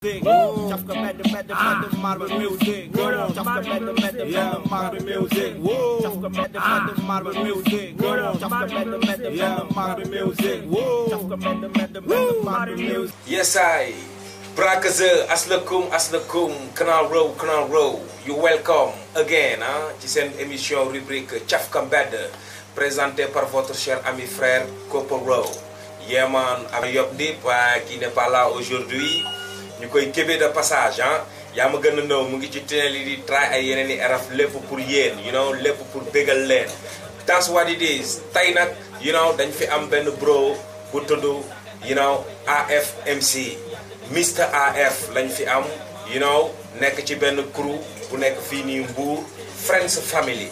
music. Just the better, better, better ah. marble music. Just the better, better, better marble music. Just the better, better marble music. Just the better, better, better marble music. Just the better, better, better marble music. Yes, I. Brakaza, aslakum, aslakum, Canal Row, Canal Row. You welcome again hein, ah, ci seen émission rubrique Cafka Mbedd présentée par votre cher ami frère Copper Row. Yeah man, avec Yop Dip qui n'est pas là aujourd'hui. ñu koy kébee de passage ah yaa ma gën a ndaw mu ngi ci tunnel yi di try ay yeneen i araf lépp pour yéen you naw lépp pour bégal leen that's what it is tey nag you know dañ fi am benn bro bu tudd you know AFMC Mr AF lañ fi am you know nekk ci benn crew bu nekk fii nii Mbour Friends Family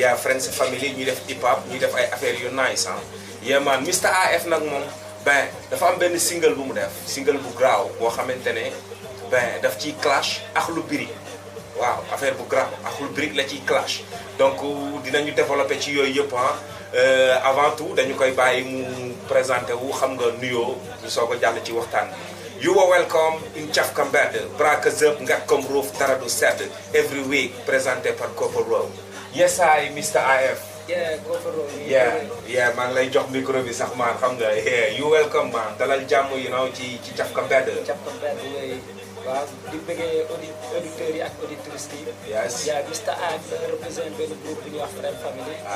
yaa Friends Family ñuy def hip hop ñuy def ay affaires yu nice ah yeah man Mr AF nag moom ben dafa am benn single bu mu def single bu graaw boo xamante ne ben def ci clash ak lu biri waaw affaire bu grave ak lu biri la ciy clash donc dinañu développé ci yooyu yëpp ah euh, avant tout dañu koy bàyyi mu présenté wu xam nga nuyoo ñu soog a jàll ci waxtaan bi you are welcome in Thiafka Mbed Brakas Up Ngakom Roof Dara Du Sedd every week présenté par Copper Road yes I Mr IF yeah yeah maa ngi lay jox micro bi sax maan xam nga you welcome maan dalal jàmm you know ci ci Cafka Mbed. Cafka Mbed waaw di bëggee audit auditeurs yi ak auditrices yi. yes yaa Mr A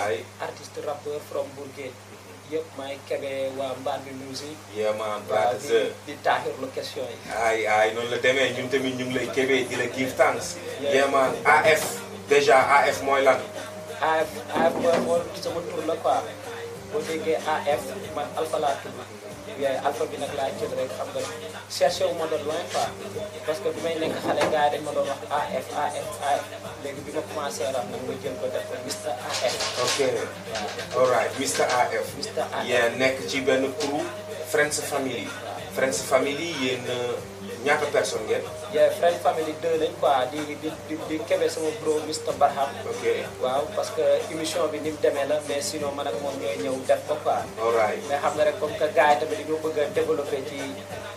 ay artiste rappeur from Bourguet. yëpp maay kebe waa Mbambi music. di di taaxirlu question yi. ay ay noonu la demee ñun tamit ñu lay kebe di la give thanks. yeah a AF déjà AF mooy lan. AF AF mooy mooy sama boo déggee AF man alpha laa tudd bi nag laa jël xam nga cherché wu ma parce que bi may nekk xale gars yi ma doon wax AF léegi bi commencé rap nag ma jël ko def ko Mr nekk ci benn turu Friends Family. Friends Family yéen. Euh, ñaata person ngeen. yeah friend family deux lañ quoi di di di kebe sama bro Mr Barham. waaw parce que émission bi ni demee la mais sinon man ak moom ñooy ñëw def ko quoi. mais xam nga rek comme que gars yi tamit dañoo bëgg a développé ci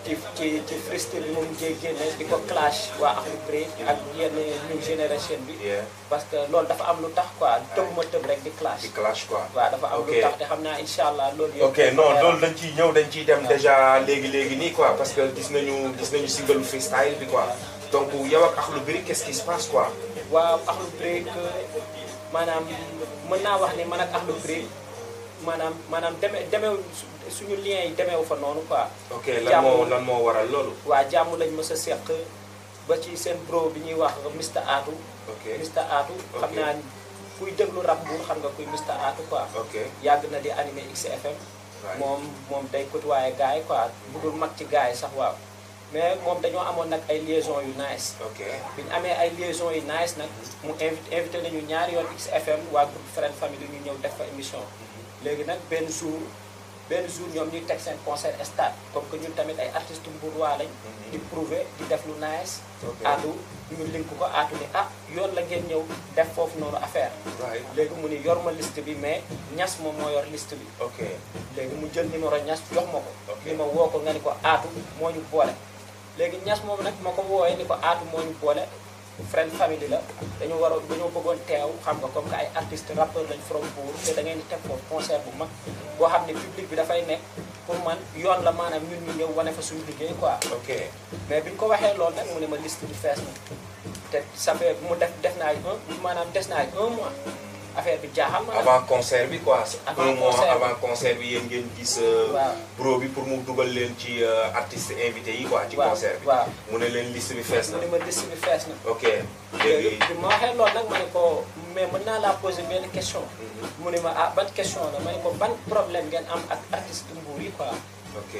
ci ci ci freestyle bi moom jee génne di ko clash waa Afrique ak yenn new génération bi. parce que loolu dafa am lu tax quoi tëb ma tëb rek di clash. di clash quoi waaw dafa am lu tax te xam naa incha allah loolu. ok non loolu dañ ciy ñëw dañ ciy dem déjà léegi léegi nii quoi parce que gis nañu single freestyle bi quoi donc yow ak lu Brick qu'est-ce qui se passe quoi. waaw Akhlou maanaam mën naa wax ne man ak Akhlou Brick maanaam maanaam deme su suñu lien yi demeewu fa noonu quoi. ok lan moo lan moo waral loolu. waa jàmmu lañ mës sa seq ba ci seen bro bi ñuy wax Mr Atou. ok Mr Atou xam naa kuy déglu rap bu xam nga kuy Mr Atou quoi. ok yàgg na di f m moom moom day côtoyé gars yi quoi mm-hmm. bëggul mag ci gars yi sax waaw. mais moom dañoo amoon nag ay liaison yu nice. ok bi ñu amee ay liaison yu nice nag mu invité invité nañu ñaari yoon f m waa groupe Friend Family ñu ñëw def fa mhm. léegi nag benn jour benn jour ñoom ñuy teg seen concert stade comme que ñun tamit ay artistes mbuurwaa lañ. Mhm. di prouver di def lu nice. aatu ñu link ko aatu ni ah yoon la ngeen ñëw def foofu noonu affaire. léegi mu ni yor ma liste bi mais ñas moom moo yor liste bi. ok léegi mu jël numéro ñas jox ma ko. ok ma woo ko nga ni ko aatu moo ñu boole. léegi ñax moom nag ma ko woowee ni ko aatu moo ñu boole friend family la dañu waroon dañoo bëggoon teew xam nga comme que ay artiste rappeur lañ from Mbour te da ngeen di teg foofu concert bu mag boo xam ne public bi dafay nekk pour man yoon la maanaam ñun ñu ñëw wane fa suñu liggéey quoi. ok mais bi ñu ko waxee loolu nag mu ne ma liste bi fees na te ça bi mu def def naa maanaam des naa un mois. affaire bi jaaxal ma avant concert bi quoi. avant un avant concert bi yéen ngeen gis. Euh, bro bi pour mu dugal leen ci euh, artiste invité yi quoi. ci concert bi mu ne leen liste bi fees na. mu ne ma liste bi fees na. léegi bi ma nag ma ko mais mën naa laa poser benn question. Mhm. mu ne ma ah ban question la ma ko ban problème ngeen am ak artiste Mbour yi quoi. ok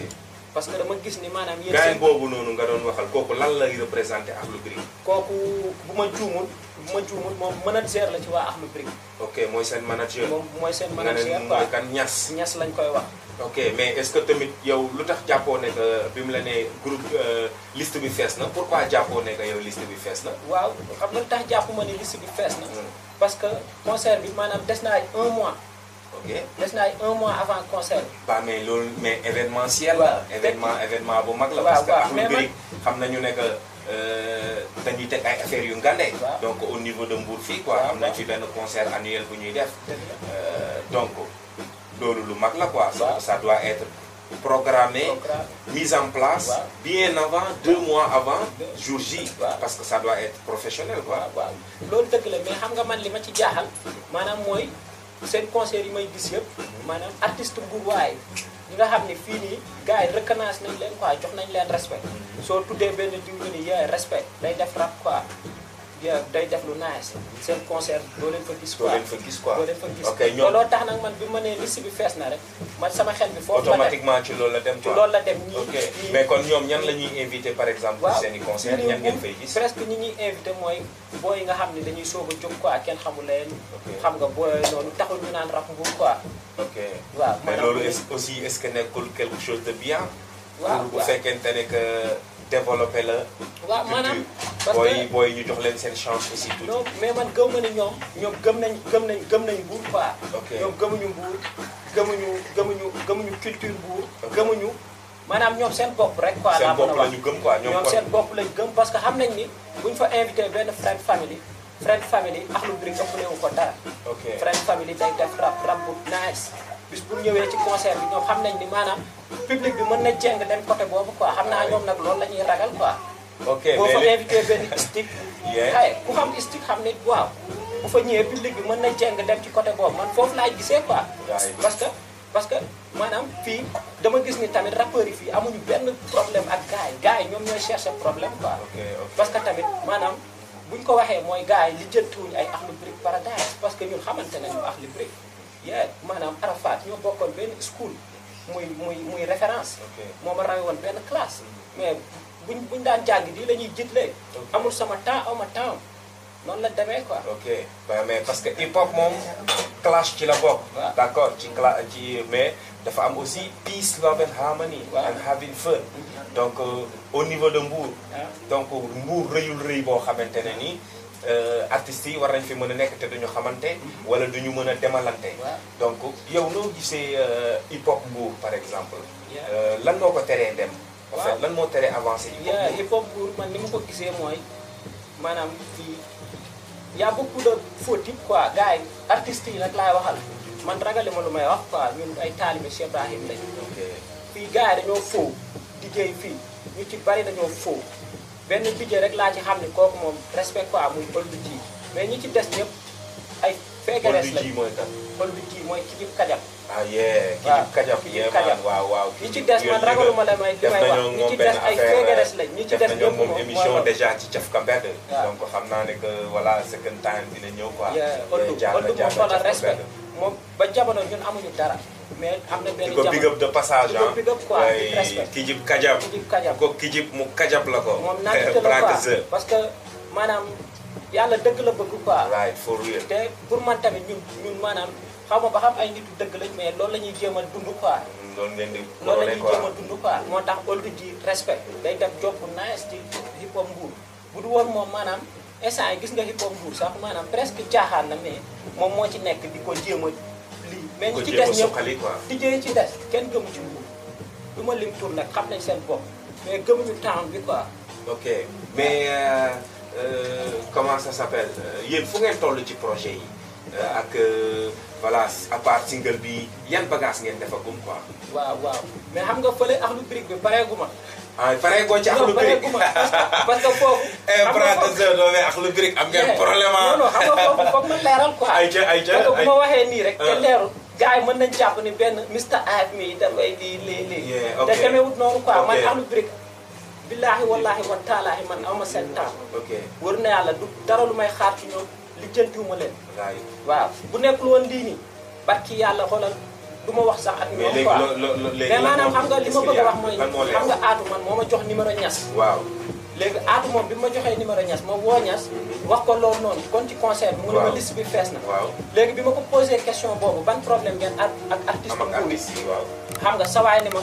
parce que dama gis ni maanaam. yéen seen boobu noonu nga doon waxal kooku lan lay représenté ak lu bëri. kooku bu ma juumul. bu ma juumul moom manager la ci waa Akhlou Brick. ok mooy seen manager. moom mooy seen manager quoi mooy ñas. lañ koy wax. ok mais est-ce que tamit yow lu tax jàppoo ne bi mu la nee groupe euh, liste bi fees na pourquoi jàppoo ne que bi fees na. waaw xam nga tax jàppuma ni liste bi fees na. Hmm. parce que concert bi maanaam des na ay mois. ok des na ay avant concert bi. waaw mais loolu mais la. événement événement bu mag la. parce que Akhlou Brick xam nañu ne que. Euh, dañuy teg ay affaires yu ngande donc au niveau de Mbour fii quoi am na ci benn concert annuel bu ñuy def euh, donc loolu lu mag la quoi ça doit être programmé mise en place bien avant deux mois avant jour J parce que sa doit être professionnel quoi waaw loolu dëgg la mais xam nga man li ma ci jaaxal maanaam mooy seen concert yi may gis yëpp maanaam artiste Mbourwaay ñi nga xam ne fii nii gars yi reconnaissance nañ leen quoi jox nañ leen respect mm-hmm. soo tuddee benn diw nga ni yee respect day def rap quoi day def lu nice seen concert doo leen fa gis quoi doo leen fa gis quoi doo leen fa gis ok ñoom looloo tax nag man bi ma nee liste bi fees na rek man sama xel bi foofu automatiquement ci loolu la dem ci loolu la dem ñii ok mais kon ñoom ñan la ñuy invité par exemple waaw seen i concert ñan ngeen fay gis presque ñi ñuy invité mooy booy nga xam ne dañuy soog a jóg quoi kenn xamul leen xam nga booy noonu taxul ñu naan rap mbuur quoi ok waaw mais loolu aussi est-ce que nekkul quelque chose de bien waaw bu fekkente ne que développé la. waaw maanaam parce que booy booy ñu jox leen seen chance si tuuti. mais man gëm na ni ñoom ñoom gëm nañ gëm nañ gëm nañ mbuur quoi. ok ñoom gëmuñu mbuur gëmuñu gëmuñu gëmuñu culture mbuur. gëmuñu maanaam ñoom seen bopp rek. quoi laa mën a wax seen bopp ñu gëm quoi ñoom seen bopp lañu gëm parce que xam nañ ni buñ fa invité benn friend family. friend family ak lu bëri ëpp ko dara. ok friend family day def rap rap bu nice. bis bu ñëwee ci concert bi ñoom xam nañ ni maanaam public bi mën na jeng dem côté boobu ko xam naa ñoom nag loolu la ñuy ragal quoi. ok mais boo fa invité benn xam stick xam ne waaw. fa ñëwee public bi mën na jeng dem ci côté boobu man foofu laay gisee quoi. parce que parce que maanaam fii dama gis ni tamit rappeurs yi fii amuñu benn problème ak gars yi gars yi ñoom ñooy chercher problème quoi. parce que tamit maanaam. buñ ko waxee mooy gars yi li jëntuwuñu ay Akhlou Brick Paradise parce que ñun xamante nañu Akhlou Brick yee maanaam Arafat ñoo bokkoon benn school muy muy muy référence moo ma rawee woon benn classe mm-hmm. mais bu buñ daan jàng di lañuy ñuy jiitlee amul sama temps awma temps noonu la demee quoi ok mais parce que hip hop moom clash ci la bokk d' accord ci clash ci mais dafa am aussi peace love and harmony and having fun donc euh, au niveau de Mbour donc Mbour rëyul rëy boo xamante ne nii Euh, artistes yi war nañ fi mën a nekk te duñu xamante wala duñu mën a demalante donc yow noo gisee euh, hip hop Mbour par exemple euh, lan moo ko teree dem en fait lan moo teree avancé hip hop Mbour man ni ma ko gisee mooy maanaam fii y a beaucoup quoi gars yi artistes yi nag laay waxal man ragale ma lu may wax quoi ay taalibe Cheikh Ibrahim lañ fii gars yi dañoo faux liggéey fii ñu ci bari dañoo foo benn budget rek laa ci xam ne kooku moom respect quoi muy pël bi mais ñi ci des ñëpp ay feegarees lañ pël bi tii mooy kijib kajab ah yee kijib kajab kijib kajab waaw waaw ñi ci des man ragaluma la may li may wax ñi ci des ay feegarees lañ ñi ci des ñëpp moom émission déjà ci caf ka mbedd donc xam naa ne que voilà second time dina ñëw quoi ëldu ëldu moom xoolal respect moom ba jamono ñun amuñu dara mais am na benn jamono di ko big up de passage ah. di ko big up quoi di respect Kajab. Kijib Kajab ko mu Kajab la ko. moom naajte la quoi parce que maanaam yàlla dëgg la bëgg quoi. right for real. te pour man tamit ñun maanaam xaw ma ba xam ay nitu dëgg lañ mais loolu la ñuy jéem a dund quoi. Mm, loolu ngeen di loolu la a moo tax oldu ji respect day def job bu nice ci hip hop mbuur woon moom maanaam instant yi gis nga hip hop mbuur sax maanaam presque jaaxaan na mais moom moo ci nekk di ko jéem a. mais ñi ci des ñëpp liggéey ci des kenn gëmu ci nguur du ma lim tur nag xam nañ seen bopp mais gëm gëmuñu temps bi quoi. ok mais euh, euh, comment ça s'appelle euh, yéen fu ngeen toll ci projet yi ak voilà à part single bi yan bagage ngeen defagum quoi. waaw waaw mais xam nga fële ak lu brique bi pareeguma. ah pare koo ci axlu birig parce que foofu. xam nga foofu eh am ngeen problème ah. xam nga foofu foofu leeral quoi. ay ca ay ca ay bu waxee nii rek te gars yi mën nañu jàpp ni benn Mr AFM yi dafay di léeg-léeg. ok te demeewut noonu quoi man ahlu brick. billaahi wallaahi wa taalaahi man aw ma seen taal. ok wër na yàlla dara lu may xaar ci ñoom lijjantiwuma leen. waaw bu nekkul woon lii nii barki yàlla xoolal du ma wax sax ak ñoom quoi mais maanaam xam nga li ma bëgg a wax mooy. xam nga aatu man moo ma jox numéro ñas. léegi aatu moom bi ma joxee numéro Niass ma woo Niass wax ko loolu noonu kon ci concert bi. mu ne ma liste bi fees na. léegi bi ma ko posé question boobu ban problème ngeen ak ak artiste yi waaw xam nga sawaay ni ma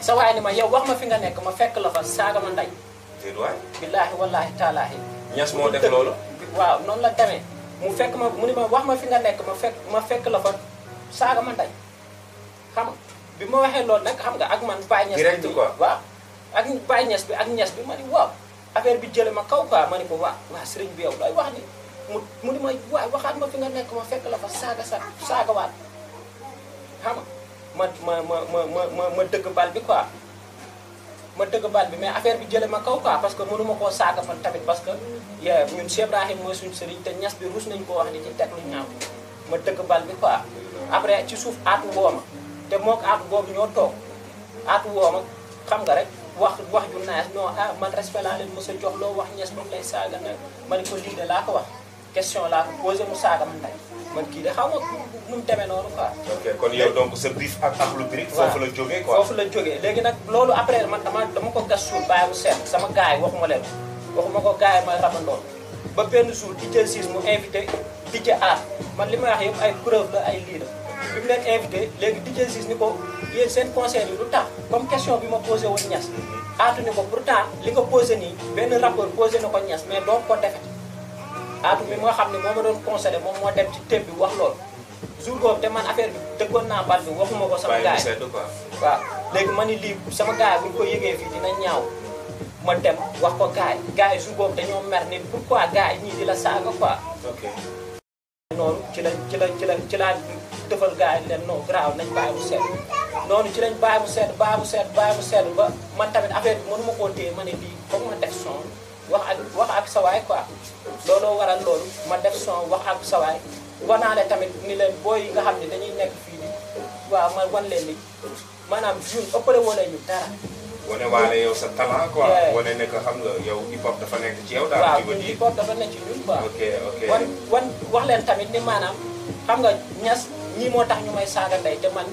sawaay ni ma yow wax ma fi nga nekk ma fekk la fa saaga ma ndey. déedéet waay. billaahi wallaahi taalaahi. Niass moo def loolu. waaw noonu la demee mu fekk ma mu ne ma wax ma fi nga nekk ma fekk ma fekk la fa saaga ma ndey bi ma waxee loolu nag xam nga ak man. bàyyi Niass direct quoi waaw. ak Baye Niass bi ak ñas bi ma ni waaw affaire bi jële ma kaw quoi ma ni ko waa waa sëriñ bi yow looy wax ni mu mu ni ma waxaat ma fi nga nekk ma fekk la fa saaga sa saagawaat xam nga ma ma ma ma ma ma dëgg bal bi quoi ma dëgg bal bi mais affaire bi jële ma kaw quoi parce que mënuma koo saaga fan tamit parce que yee ñun Cheikh Ibrahim mooy suñu sëriñ te ñas bi rus nañu koo wax di ci teg lu ñaaw ma dëgg bal bi quoi après ci suuf aatu wooma te mook aatu boobu ñoo toog aatu wooma rek wax wax ju naaj non ah man respect laa leen mos a jox loo wax ñes moom lay saaga nag ma ne ko lii de laa ko wax question laa ko posé mu saaga man tey man kii de xam nga nu mu demee noonu quoi. ok kon yow donc sa brief ak ak lu brief. foofu la jógee quoi foofu léegi nag loolu après man dama dama ko gas suul bàyyi mu seet sama gars yi waxuma leen waxuma ko gars yi ma rabandoon ba benn jour di jël siis mu invité DJ Art man li may wax yëpp ay preuve la ay lii la bi mu di jël yéen seen conseil yi lu tax comme question bi ma posé woon Niass aatu ni ko pourtant li nga posé nii benn rapport posé na ko Niass mais doo ko defe aatu mi nga xam ne moo ma doon conseillé moom moo dem ci bi wax loolu jour boobu te man affaire bi dëggoon naa bal bi waxuma ko sama gars yi waaw léegi ma ni lii sama gars yi buñ ko yëgee fii dina ñaaw ma dem wax ko gars yi gars yi jour dañoo mer ni pourquoi gars yi ñii di la saaga quoi noonu ci la ci la ci la ci laa dëfal gars yi leen non graaw nañ bàyyi bu seet loolu ci lañ bàyyi mu seet bàyyi mu seet bàyyi mu seet ba man tamit affaire bi mënu ma koo téye ma ne bii foog ma def son wax ak wax ak sawaay quoi looloo waral loolu ma def son wax ak sawaay wanaale tamit ni leen booy nga xam ne dañuy nekk fii waaw wan leen ni maanaam june ëppale wala ñu dara. wane sa talent quoi. wane ne xam nga yow hip dafa nekk di ko di waaw hip hop dafa nekk ci ñun wan wan wax leen tamit ni maanaam xam nga ñas ñii moo tax ñu may saaga ndey te man.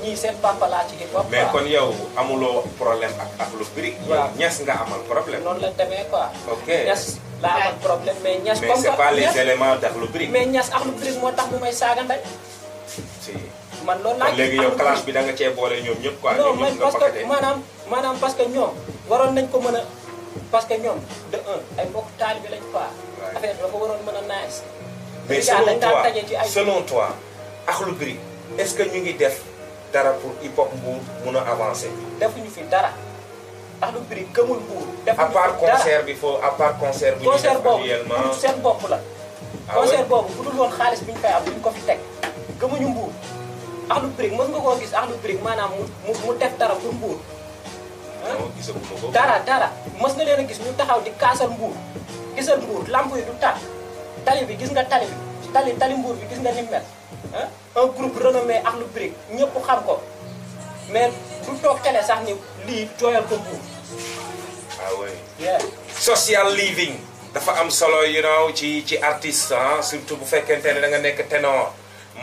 ñii seen papa laa ci mais kon yow amuloo problème ak Akhlou Brick. waaw ñes nga amal problème. noonu la demee quoi. ok ñes amal problème mais ñes. comme mais c'est pas les éléments d'Akhlou Brick. mais ñes Akhlou Brick moo tax mu may saaga man loolu laa léegi yow classe bi da nga cee boole ñoom ñëpp quoi. ñoom ñëpp nga parce que ñoom waroon nañ ko mën a. parce que ñoom de un ay mbokk taalibe lañ quoi. affaire bi dafa waroon mën a naaj. mais selon toi selon toi Akhlou Brick est-ce que ñu ngi def dara pour hip hop mbuur mun a avancer. ñu fi dara ndax du prix gëmul mbuur. def fi dara à concert bi foo à part concert. bu ñu def actuellement ah concert boobu la. concert boobu bu xaalis bi ñu fay am duñ ko fi teg gëmuñu mbuur. Akhlou Brick mën nga koo gis Akhlou Brick maanaam mu mu def dara pour mbuur. dara dara mës nga leen a gis ñu taxaw di kaasal mbuur gisal mbuur lamp yi du tàkk tali bi gis nga tali bi tali tali mbuur bi gis nga ni mel. un groupe renommé Akhlou Brick ñëpp xam ko mais du toog télé sax ni lii jooyal ko buur. Ah social living. dafa am solo you know ci ci artiste ah surtout bu fekkente ne da nga nekk ténor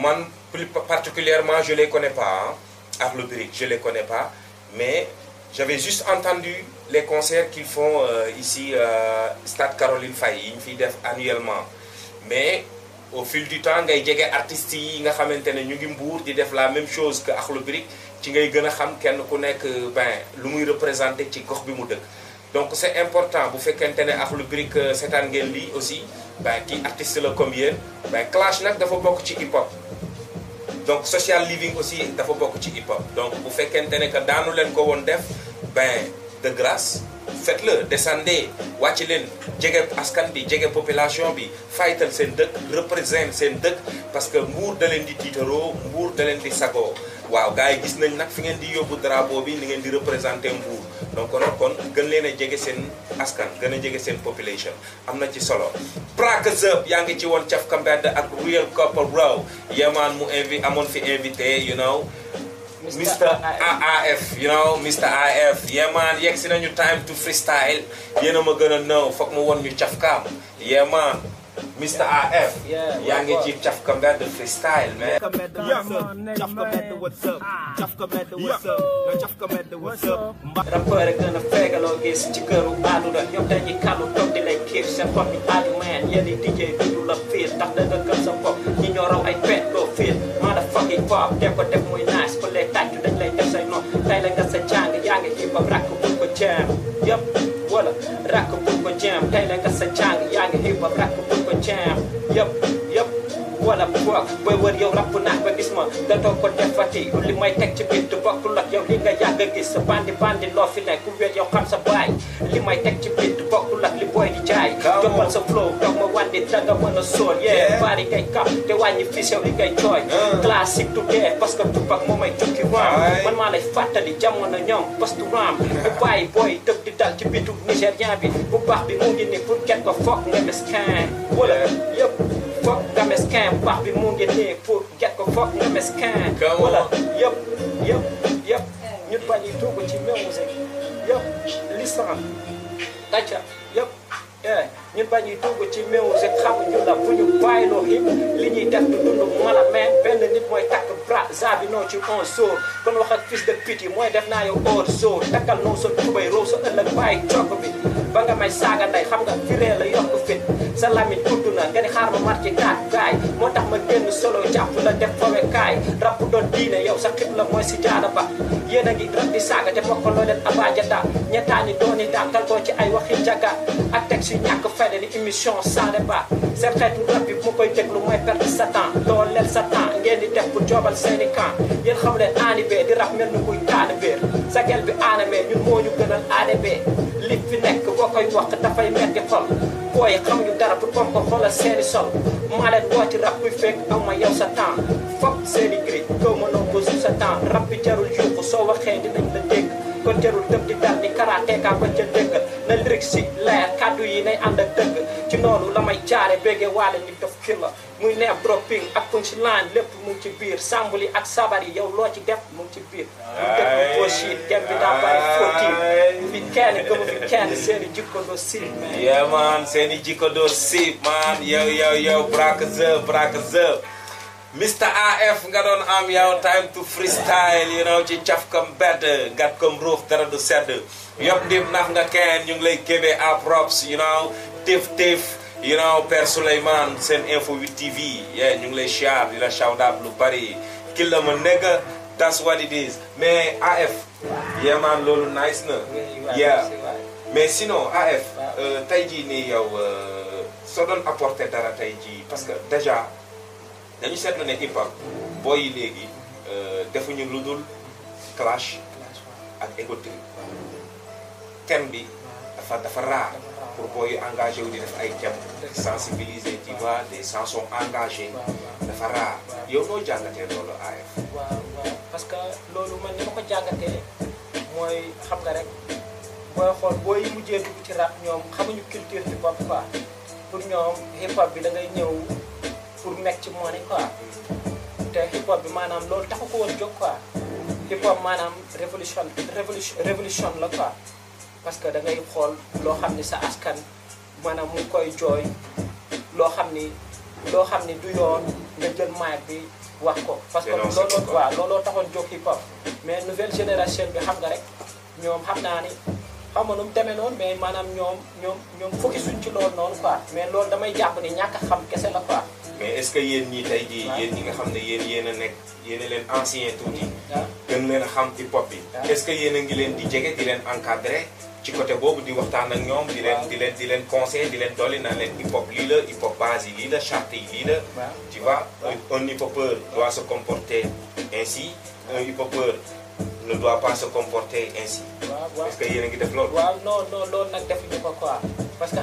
man plus particulièrement je les connais pas ah Akhlou Brick je les connais pas mais j'avais juste entendu les concerts qu'ils font euh, ici euh, Stade Caroline Faye yi ñu fiy def annuellement mais. au fil du temps ngay jege artistes yi nga xamante ne ñu ngi mbuur di def la même chose que Akhlou Brick ci ngay gën a xam kenn ku nekk ben lu muy représenté ci gox bi mu dëkk donc c' important bu fekkente ne Akhlou Brick euh, seetaan ngeen lii aussi ben kii artiste la comme yéen ben clash nag dafa bokk ci hip hop donc social living aussi dafa bokk ci hip hop donc bu fekkente ne que daanu leen ko woon def ben de grâce faites-le descendez wàcc leen jege askan bi jege population bi faytal seen dëkk représente seen dëkk parce que mbuur da di tiitaroo mbuur da leen di sagoo waaw gars yi gis nañ nag fi ngeen di yóbbu drapeau bi ni ngeen di représenté mbuur donc kon kon gën leen a jege seen askan gën a jege seen population am na ci solo Prague Zep yaa ngi ci woon caf Kambed ak Real Copper Row yemaan mu invi amoon fi invité you know Mr. AF you know Mr. AF man yegg si nañu time to freestyle yéen a ma gën a nëw foog mu won ñu cafkaam yeah man Mr. AF yaa ngi ci cafka mbedd freestyle man cafka mbedd what's up cafka mbedd what's up cafka mbedd what's up rappeur gën a feegaloo ci këru aaduna ñoom di lay kiir seen bopp ñi ñoo ay pet loo fiir maa da fucking pop def ko def muy nice tey la nga sa jàng yaa ngi hip hop rakk bu ko jam yëpp wala rakk bu ko jam tey la nga sa jàng yaa ngi hip hop rakk fois booy wër yow ràpp naa ba gis ma da toog ko defati li may teg ci biir du bokkul ak yow li nga yàgg a gis sa bandi bandi noo fi nekk ku wéet yow xam sa baay li may teg ci biir du bokkul ak li booy di jaay jëmbal sa flow dog ma wàndi danga mën a sool yee bari ngay kap te wàññi fis yow li ngay tooy uh. classique du dee parce que tubaab moo may tukki waam man maa lay fàttali jamono ñoom pastouraam bu bàyyi booy dëb di dal ci bitu nigérien bi bu mesquin wax bi mu ngi nii pour get ko foog ñu mesquin. wala yëpp yëpp yëpp ñu bañ a dugg ci musique yëpp lisaan tàcca yëpp. Eh. ñu bañ a dugg ci musique xamuñu la bu ñu bàyyiloo hip li ñuy def du dund mala mais benn nit mooy takk bra zabi ci un jour kon wax ak fils de pit yi mooy def naa yow hors jour takkal noo sa tubay roo sa ëllëg bàyyi jokk bi ba nga may saaga ndey xam nga firee la yokk fit sa lamit gudd na nga ni xaar ma mar ci kaat gaay moo tax ma génn solo jàpp la def fawe kaay rab doon diine yow sa xib la mooy si jaada ba yéen a ngi rab di saaga te seede di émission ça débat seen xeetu rab bi mu koy déglu mooy perte sa temps dooleel sa temps ngeen di def pour joobal seen i di rab mel ni kuy taane sa gel bi ANB ñun moo ñu gënal ANB li fi nekk boo koy wax dafay metti xol booy xam ñu dara bu bom ko xoolal seeni sol maa leen woo ci rab fekk aw ma yow sa temps seeni gri kaw mënoo bosu sa temps rab bi jarul yuuxu soo waxee dinañ la dégg dem di dal di karaatee kaa ko ca déggal na lyric si leer kàddu yi nay ànd ak dëgg ci noonu la may jaare béggee waale ñu def killa muy neex dropping ak punchline lépp mu ngi ci biir sambuli ak sabar yi yow loo ci def mu ci biir mu def mu pochit gem bi daa bari fóotiin fi kenn gëmu fi kenn seeni jikkodoor siib man yeah man seeni jikkodoor siib man yow yow yow braque ze braque ze Mr. AF nga doon am yow time to freestyle you know ci caf comme bedd gat comme ruuf dara du sedd yop ndim nax nga kenn ñu ngi lay kébee à props you know téef téef you know seen info 8 TV yeah ñu ngi lay share la shout out lu bari kil la ma nekk that's what it is mais AF yeah loolu nice na yeah mais sinon AF euh, tey jii nii yow euh, soo doon apporter dara tey parce que déjà dañu seetlu ne hip hop booy yi léegi euh, defuñu lu dul clash ak égo trip bi dafa dafa raar pour booy yu engagé wu di def ay thèmes sensibiliser tu vois des chansons engagées dafa raar yow noo jàngatee loolu AF. parce que loolu man ni ma ko jàngatee mooy xam nga rek booy xool booy mujjee dugg ci rap ñoom xamuñu culture hip hop pour ñoom hip bi da ngay ñëw. pour make ci money quoi te hip hop bi maanaam loolu taxu ko woon jóg quoi hip hop maanaam révolution révolution la quoi parce que da xool loo xam ni sa askan maanaam mu koy jooy loo xam ni loo xam ni du yoon nga jël mic bi wax ko parce que looloo waaw looloo taxoon jóg hip mais nouvelle génération bi xam nga rek ñoom xam naa ni xam nga nu mu demee noonu mais maanaam ñoom ñoom ñoom focus suñ ci loolu noonu quoi mais loolu damay jàpp ni ñàkk xam kese la quoi mais est-ce que yéen nii tey ji yéen ñi nga xam ne yéen yéen nekk yéen a leen ancien tuuti ah. gën leen xam ci pop bi ah. est-ce que yéen a ngi leen di jege di leen encadré ci côté boobu di waxtaan ak ñoom di leen di leen di leen conseil di leen dolli naa leen hip hop lii la hip hop base yi lii la charte yi lii la tu vois un hip hopeur doit se comporter ainsi un hip hopeur ne doit pas se comporter ainsi est-ce a ngi def loolu waaw non non loolu nag defuñu ko quoi parce que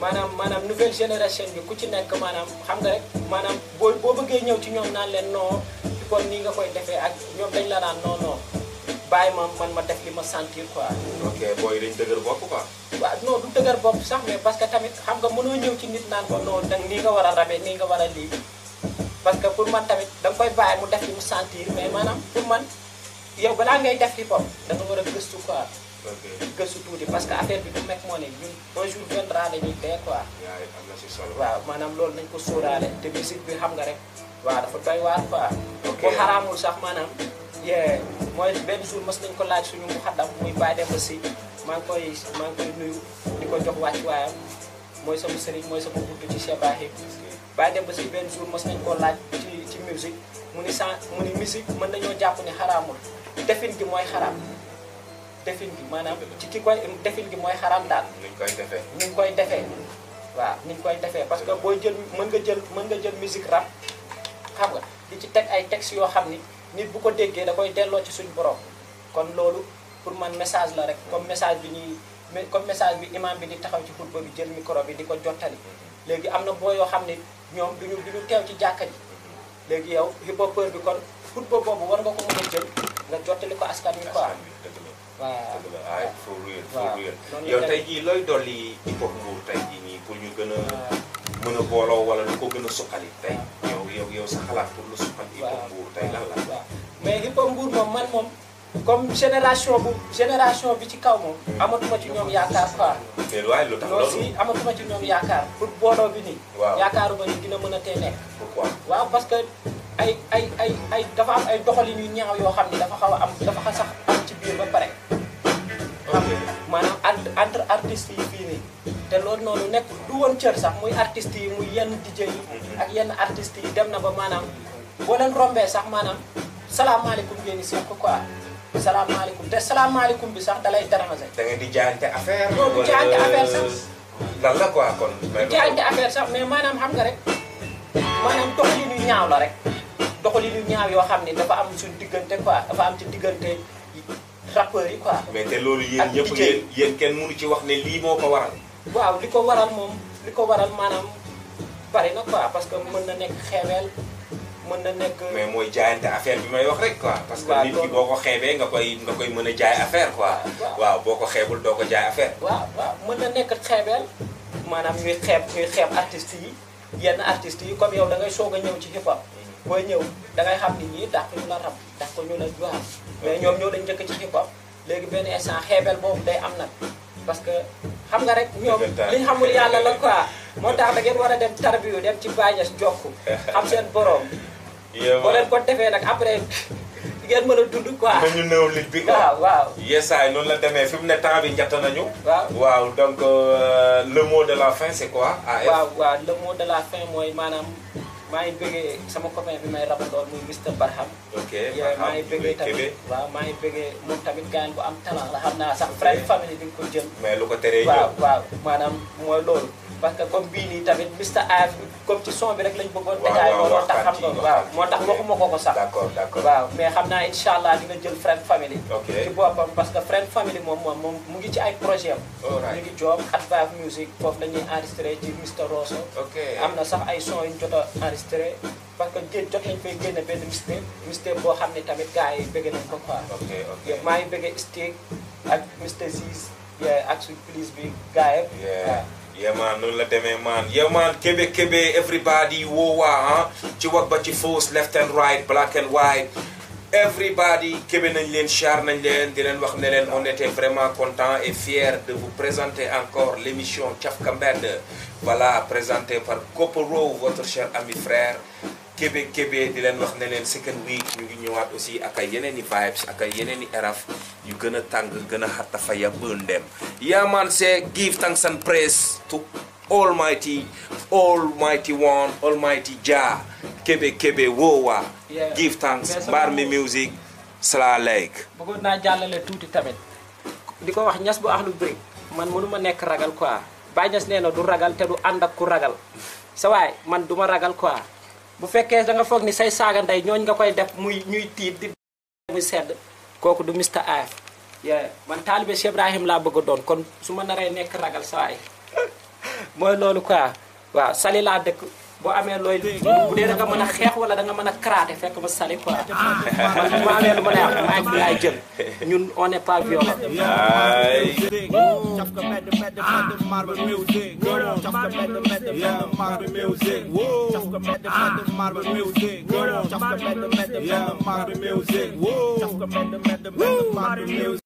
maanaam maanaam nouvelle génération bi ku ci nekk maanaam xam nga rek maanaam boo boo bëggee ñëw ci ñoom naan leen non kon nii nga koy defee ak ñoom dañ la naan non baay ma man ma def li ma sentir quoi. ok booy dañ dëgër bopp quoi. waaw du dëgër bopp sax mais parce que tamit xam nga mënoo ñëw ci nit naan ko non dang nii nga war a rabee nii nga war a lii parce que pour man tamit da koy bàyyi mu def li mu sentir mais maanaam pour man yow balaa ngay def li bopp da nga a gëstu quoi. tëj ko tuuti parce que affaire bi du mekk moo ne ñun maanaam loolu nañ ko sóoraale te musique bi xam nga rek waaw dafa doy waar quoi. ok bu xaraamul sax maanaam. benn jour mës nañ ko laaj suñu mu xaddam muy Baye Demba si di ko jox wàccuwaayam mooy sama sëriñ mooy sama buntu ci Cheikh si benn jour mës nañ ko laaj mu ni sans mu ni musique mën nañoo jàpp ne xaraamul defin gi mooy xaraam. defin gi maanaam ci ki koy defin gi mooy xaram daal. ni ñu koy defee koy defee. waaw ni ñu koy defee parce que boo jël mën nga jël mën nga jël musique rap xam nga di ci teg ay textes yoo xam ni nit bu ko déggee da koy delloo ci suñu borom. kon loolu pour man message la rek comme message bi ñuy comme message bi imam bi di taxaw ci xutba bi jël micro bi di ko jottali. léegi am na boo yoo xam ne ñoom du duñu ñu teew ci jàkka ji léegi yow hip-hopeur bi kon xutba boobu war nga ko mën a jël ko askan waaw dëgg la ay for real yow tey jii looy dolli ci bopp Mbour tey jii nii pour ñu gën a mën a booloo wala lu ko gën a suqali tey yow yow yow sa xalaat pour lu suqali hip hop Mbour tey lan la mais hip hop Mbour moom man moom comme génération bu génération bi ci kaw moom amatuma ci ñoom yaakaar quoi waaye lu tax loolu si amatuma ci ñoom yaakaar pour booloo bi nii yaakaaruma ni dina mën a tee nekk pourquoi waaw parce que ay ay ay ay dafa am ay doxalin yu ñaaw yoo xam ne dafa xaw am dafa xa sax artistes yi fii nii te loolu noonu nekk du woon cër sax muy artistes yi muy yenn DJ yi ak yenn artistes yi dem na ba maanaam boo leen rombee sax maanaam salaamaaleykum ngeen si ko quoi salaamaaleykum te salaamaaleykum bi sax dalay déranger. da ngeen di jaayante affaire. loolu du jaayante affaire sax. la quoi kon. du jaayante affaire mais maanaam xam nga rek maanaam doxalin yu ñaaw la rek doxalin yu ñaaw yoo xam ne dafa am su diggante quoi dafa am ci diggante. rappeurs yi quoi. mais te loolu yéen ñëpp yéen yéen kenn mënu ci wax ne lii moo ko waral. waaw li ko waral moom li ko waral maanaam bari na quoi parce que mën na nekk xeeweel mën na nekk. mooy jaayante affaire bi may wax rek quoi. parce que nit ko xeebee nga koy nga koy mën a jaay affaire quoi. waaw boo ko xeebul doo ko jaay affaire. waaw mën na nekk xeebeel maanaam ñuy xeeb ñuy xeeb artistes yi yenn artistes yi comme yow da ngay soog a ñëw ci hip hop. booy ñëw dangay xam ni ñii dàq ñu na rab dàq ñu na juwaar mais ñoom ñoo dañ njëkk ci hip hop léegi benn instant xeebel boobu day am nag parce que xam nga rek ñoom liñ xamul yàlla la quoi moo tax da ngeen war a dem tarbiyu dem ci bàñes jokk xam seen borom boo leen ko defee nag après ngeen mën a dund quoi mën ñu néew lig bi waaw waaw yesaay noonu la demee fi mu ne temps bi njatt nañu waaw waaw donc euh, le mot de la fin c'est quoi waaw waaw le mot de la fin mooy maanaam maa ngi bëggee sama copain bi may rabandool muy Mister Barham. ok maa ngi bëggee tamit waaw maa ngi bëggee tamit gaañ bu am talent la xam naa sax. ok Friends Family bi nga ko jël. mais lu ko teree ñëw waaw waaw maanaam mooy loolu. parce que comme bii nii tamit Mr Af comme ci son bi rek lañ bëggoon détaillé looloo tax xam nga waaw moo tax waxuma ko ko sax d'accord d'accord waaw mais xam naa incha allah di nga jël friend family ci boppam parce que friend family moom moom moom mu ngi ci ay projet am ñu ngi joom at Vibe am na sax ay son yu ñu jot a parce que génn jot nañ fay génne benn mistake mistake boo xam ne tamit gars yi bëgg nañ ko quoi maa ngi bëgg steak ak Mr Ziz ak suñ police bi gars yi yeah man noonu la demee man yeah man kebe kebe everybody woowaa ah. ci wax ba ci force left and right black and white everybody kebe nañ leen char nañ leen di leen wax ne leen on était vraiment content et fier de vous présenter encore l'émission Thiafka Mbed voilà présenté par Koporo votre cher ami frère kébé kébé di leen wax ne leen second week ñu ngi ñëwaat aussi ak ay yeneen i vibes ak ay yeneen i eraf yu gën a tàng gën a xattafa ya bëndem yaamaan see give thanks and praise to almighty almighty one almighty Jah kébé kébé woowa give thanks mbaar mi music salaa leyk bëggoon naa jàllale tuuti tamit di ko wax ñas bu lu bëri man mënuma nekk ragal quoi ba Niass nee na du ragal te du ànd ak ku ragal sa waay man duma ragal quoi bu fekkee da nga foog ni say saaga ndey ñooñu nga koy def muy ñuy tiit di muy sedd kooku du Mr AF man taalibe Cheikh Ibrahim laa bëgg a doon kon su ma naree nekk ragal sawaay mooy loolu quoi waaw sali laa dëkk boo amee looy bu dee da nga mën a xeex wala da nga mën a karaate fekk ma sali quoi man bu ma amee lu ma lay wax maay laay jël ñun on n'est pas violent. ay. Yeah.